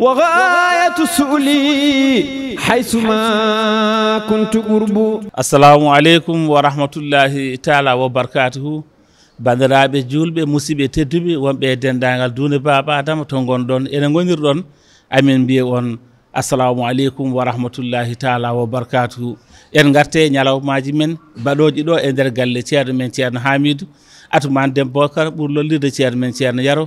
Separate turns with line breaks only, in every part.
wagaayatu suuli
xaysuma kuntu urbu
assalamu aleykum wa rahmatullahi taala wa barkatuhu bandiraɓe julɓe musidɓe tedduɓe wonɓe dendagal dune baba adama to gonɗon ene gonirɗon amin mbiya on assalamu aleykum wa taala wa barkatuhu en garte ñalawmaji men baɗoji ɗo e nder galle ceerno men ceerno hamidou atumane dembocar ɓuur lollirde ceerno men ceerno yaro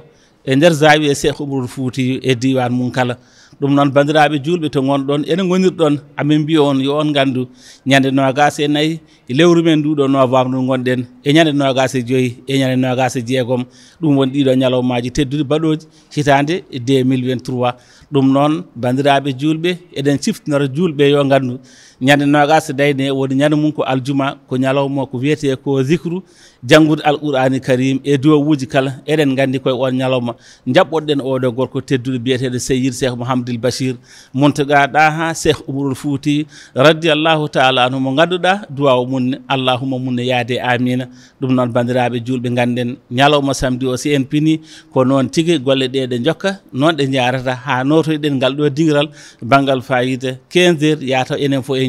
e nder zaawi e seeko ɓurol fuuti e diwan mum kala ɗum noon bandiraɓe julɓe to gonɗon ene gonirɗon amin mbiya on yo on gandu ñande nogas e nayyi e lewru men nduɗo novembre ndu gonɗen e ñande nogas e joyyi e ñande nogas e jeegom ɗum woni ɗiɗo ñalawmaji teddude baɗoji hitande 2023 ɗum noon bandiraɓe julɓe eɗen ciftinora julɓe yo gandu ñande nogas dayne woni ñande mum ko aljuma ko ñalawma ko wiyete ko zicru janngude alqur'ani karim e dowuji kala eɗen nganndi koye on ñalawma jaɓɓoɗen oɗo gorko tedduɗo biyeteɗo seyid cheikh mouhamadoul bachir montoga ɗa ha cheikh oumarol fouti radiallahu taala anhu mo ngannduɗa duwaw munne allahuma munne yaade amina ɗum noon bandiraɓe julɓe ngannden ñalawma samedi o si en pini ko noon tigi golle ɗe ɗe jokka ɗe jarata ha notoyɗen ngal ɗo dingiral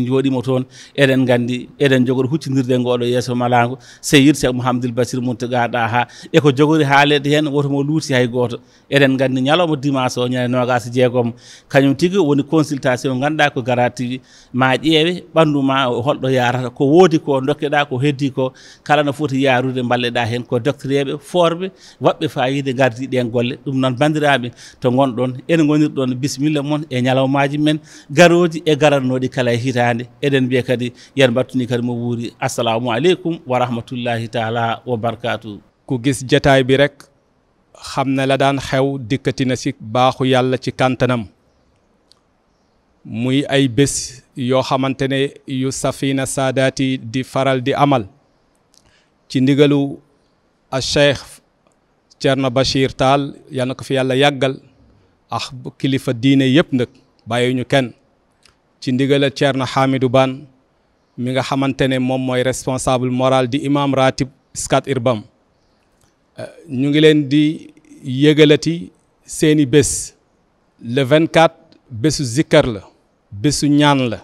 en jooɗima toon eɗen gandi eɗen jogori huccodirde ngoɗo yesso malago seyir cheikh mouhamadoul basir montagaɗa ha eko jogori haalede hen wotomo luuti hay goto eɗen gandi ñalawma dimanche o ñande nogas e jeegom kañum tigui woni consultation ganduɗa ko garativi ma ƴeewe ɓandu ma holɗo yarata ko woodi ko dokkeɗa ko heddi ko kala no foti yarude balleɗa hen ko doctereɓe forɓe waɓɓe fayide gardi e golle ɗum noon bandiraɓe to gonɗon ene gonirɗon bisimilla moon e hitaande eɗen mbiya kadi yen mbattuni kadi mo wuuri assalamu aleykum wa rahmatullahi taala ku
gis jataay bi rek xam ne la daan xew dikkati na si baaxu yàlla ci kàntanam muy ay bés yoo xamante ne yu safina saadaati di faral di amal ci ndigalu a cheikh Thierno Bachir Tall yal na ko fi yàlla yàggal ah kilifa diine yëpp nag bàyyi ñu kenn ci ndigal Thierno Hamidou ban mi nga xamante ne moom mooy responsable moral di imam ratib Scat Urbam euh, ñu ngi leen di yëgalati seeni bés le 24 bésu zikkar la bésu ñaan la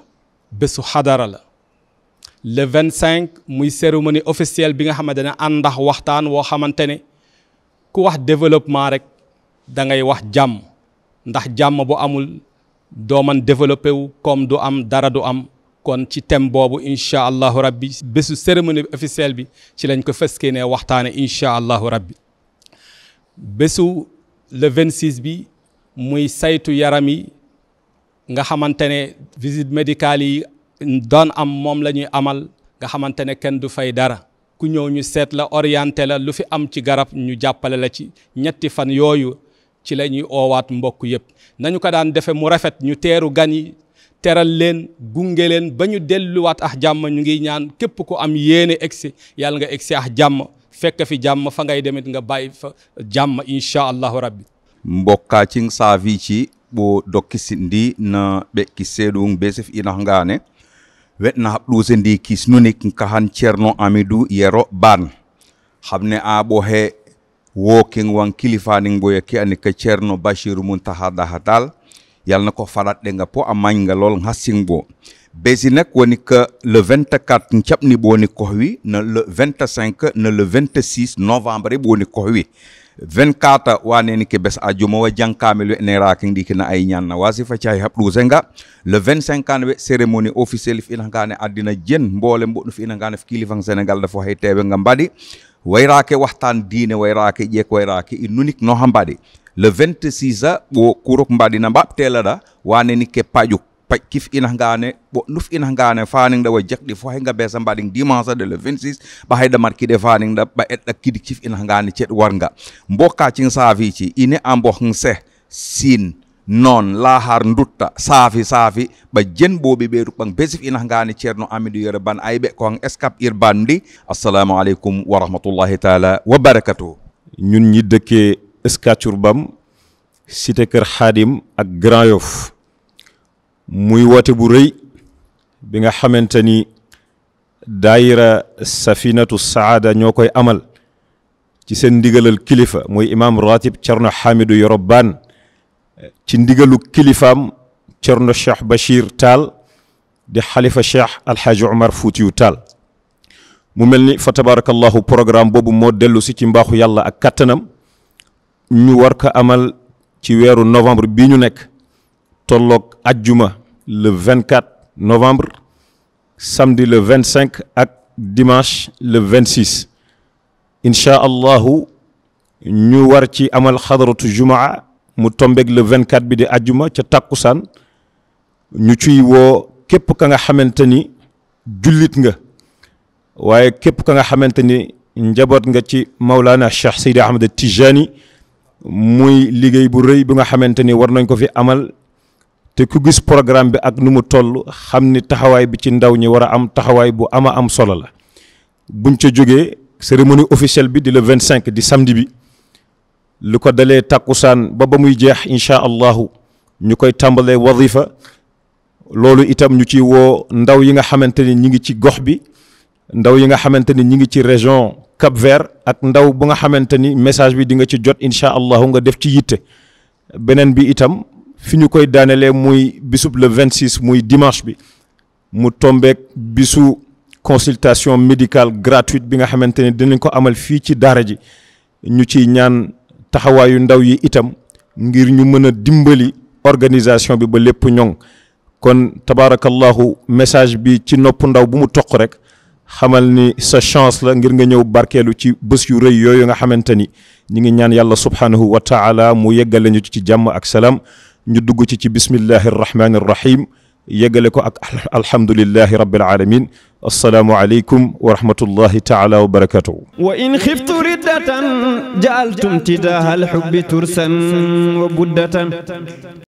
bésu xadara la le cinq muy cérémonie officielle bi nga xamante ne ànd ndax waxtaan woo xamante ne ku wax développement rek da ngay wax jàmm ndax jàmm bu amul doo man développé wu comme du am dara du am kon ci thème boobu incha allahu rabbi bésu cérémonie officielle bi ci lañ ko feskee ne waxtaane incha allahu rabbi bésu le 26 bi muy saytu yaram yi nga xamante ne visite médicale yi doon am moom la ñuy amal nga xamante ne kenn du fay dara ku ñëw ñu seetla la orienté la lu fi am ci garab ñu jàppale la ci ñetti fan yooyu ci la ñuy oowaat mbokk yëpp nañu ko daan defe mu rafet ñu teeru gan yi teral leen gunge leen ba ñu delluwaat ax jàmm ñu ngi ñaan képp ku am yéene egsi yàlla nga egsi ax jàmm fekk fi jàmm fa ngay demit nga bàyyi fa
jàmm insha allahu rabbi mbokka cing saavici ɓo dokkisi ndi na ɓe kisseɗum be sef ina ngane wetna haɓɗuse ndi kisnunik kahan ceerno amidou yero ban hamne a ɓo woken wan kilifaningoya ke ani ka ceerno bachiru muntaha daha dal ko faraɗɗe nga po a lool lol hassingo besi nak woni que le 24 caɓni ɓoni kohwi no le 25 no le 26 novembre ɓoni kohwi 24 waneni ke bes a jomowa jankamel we ene raking ɗi kena ay ñanna wasifa cahi haɓɗuse nga le 25 kane we cérémonie officiel finakane adina jen mbole mboɗum finakane kilifa sénégal da fo hay tewe nga mbaɗi wayrake wahtan diine wayrake ƴeek wayrake e nunik no ha mbaɗi le 26 a ɓo kurok mbaɗina mbaɓtelaɗa waneni ke paƴuk paƴ kif ina ngane ɓo nuf ina ngane fanigɗa wa jekɗi fo hayga besa mbaɗin dimanche aɗe le 26 ɓa hayɗa markiɗe fanigɗa ɓa eɗɗa kidi kif ina ngane ceeɗ warga mbo kacin savici ine mbo hn se sin noon laahaar dutta saafi saafi ɓa jenɓoɓe ɓeeɗu ɓan besif ina ngani ceerno amidou yere ban ayɓe ko han escape irban ndi assalamu aleykum wa rahmatullahi taala wa barakatuhu
ñun ñi dëkkee Scat Urbam cité kër ak Grand Yoff muy woote bu rëy bi nga xamante ni daayira safinatu saada ñoo koy amal ci seen ndigalal kilifa muy imam ratib ceerno xamidu yoro baan ci ndigalu kilifaam Cerno Cheikh Bachir Taal di xalifa Cheikh Alxaaji Omar Fuutiyu Taal mu mel ni fa tabarakallahu programme boobu moo dellu si ci mbaaxu yàlla ak kattanam ñu war ko amal ci weeru novembre bii ñu nekk tolloog ajjuma le 24 novembre samedi le 25 ak dimanche le 26 incha allahu ñu war ci amal xadaratu jumaa mu tombeeg le 24 bi di ajjuma ca tàkkusaan ñu ciy woo képp ka nga xamante ni jullit nga waaye képp ka nga xamante ni njaboot nga ci Maulana Cheikh Seydi Ahmed Tijani muy liggéey bu rëy bi nga xamante ni war nañ ko fi amal te ku gis programme bi ak nu mu toll xam ni taxawaay bi ci ndaw ñi war a am taxawaay bu ama am solo la buñ ca jógee cérémonie officielle bi di le vingt cinq di samedi bi lu ko dalee tàkkusaan ba ba muy jeex incha allahu ñu koy tàmbalee wadifa loolu itam ñu ci woo ndaw yi nga xamante ni ñi ngi ci gox bi ndaw yi nga xamante ni ñi ngi ci région Cap Vert ak ndaw bu nga xamante ni message bi di nga ci jot incha allahu nga def ci yitte beneen bi itam fi ñu koy daaneelee muy bisub le 26 muy dimanche bi mu tombeek bisu consultation médical gratuite bi nga xamante ni dinañ ko amal fii ci daara ji ñu ciy ñaan taxawaayu ndaw yi itam ngir ñu mën a dimbali organisation bi ba lépp ñoŋ kon tabaarakallahu message bi ci nopp ndaw bu mu toq rek xamal ni sa chance la ngir nga ñëw barkeelu ci bés yu rëy yooyu nga xamante ni ñu ngi ñaan yàlla subhaanahu wa mu yeggale ñu ci jàmm ak salaam ñu dugg ci ci bismillahi arrahmani arrahim yëggale ko ak alhamdulillahi rabbil alamin assalaamu aleykum wa rahmatullahi taala wa barakatuhu wa in xiftu riddatan jaaltum tidaaha alxubbi tursan wa buddatan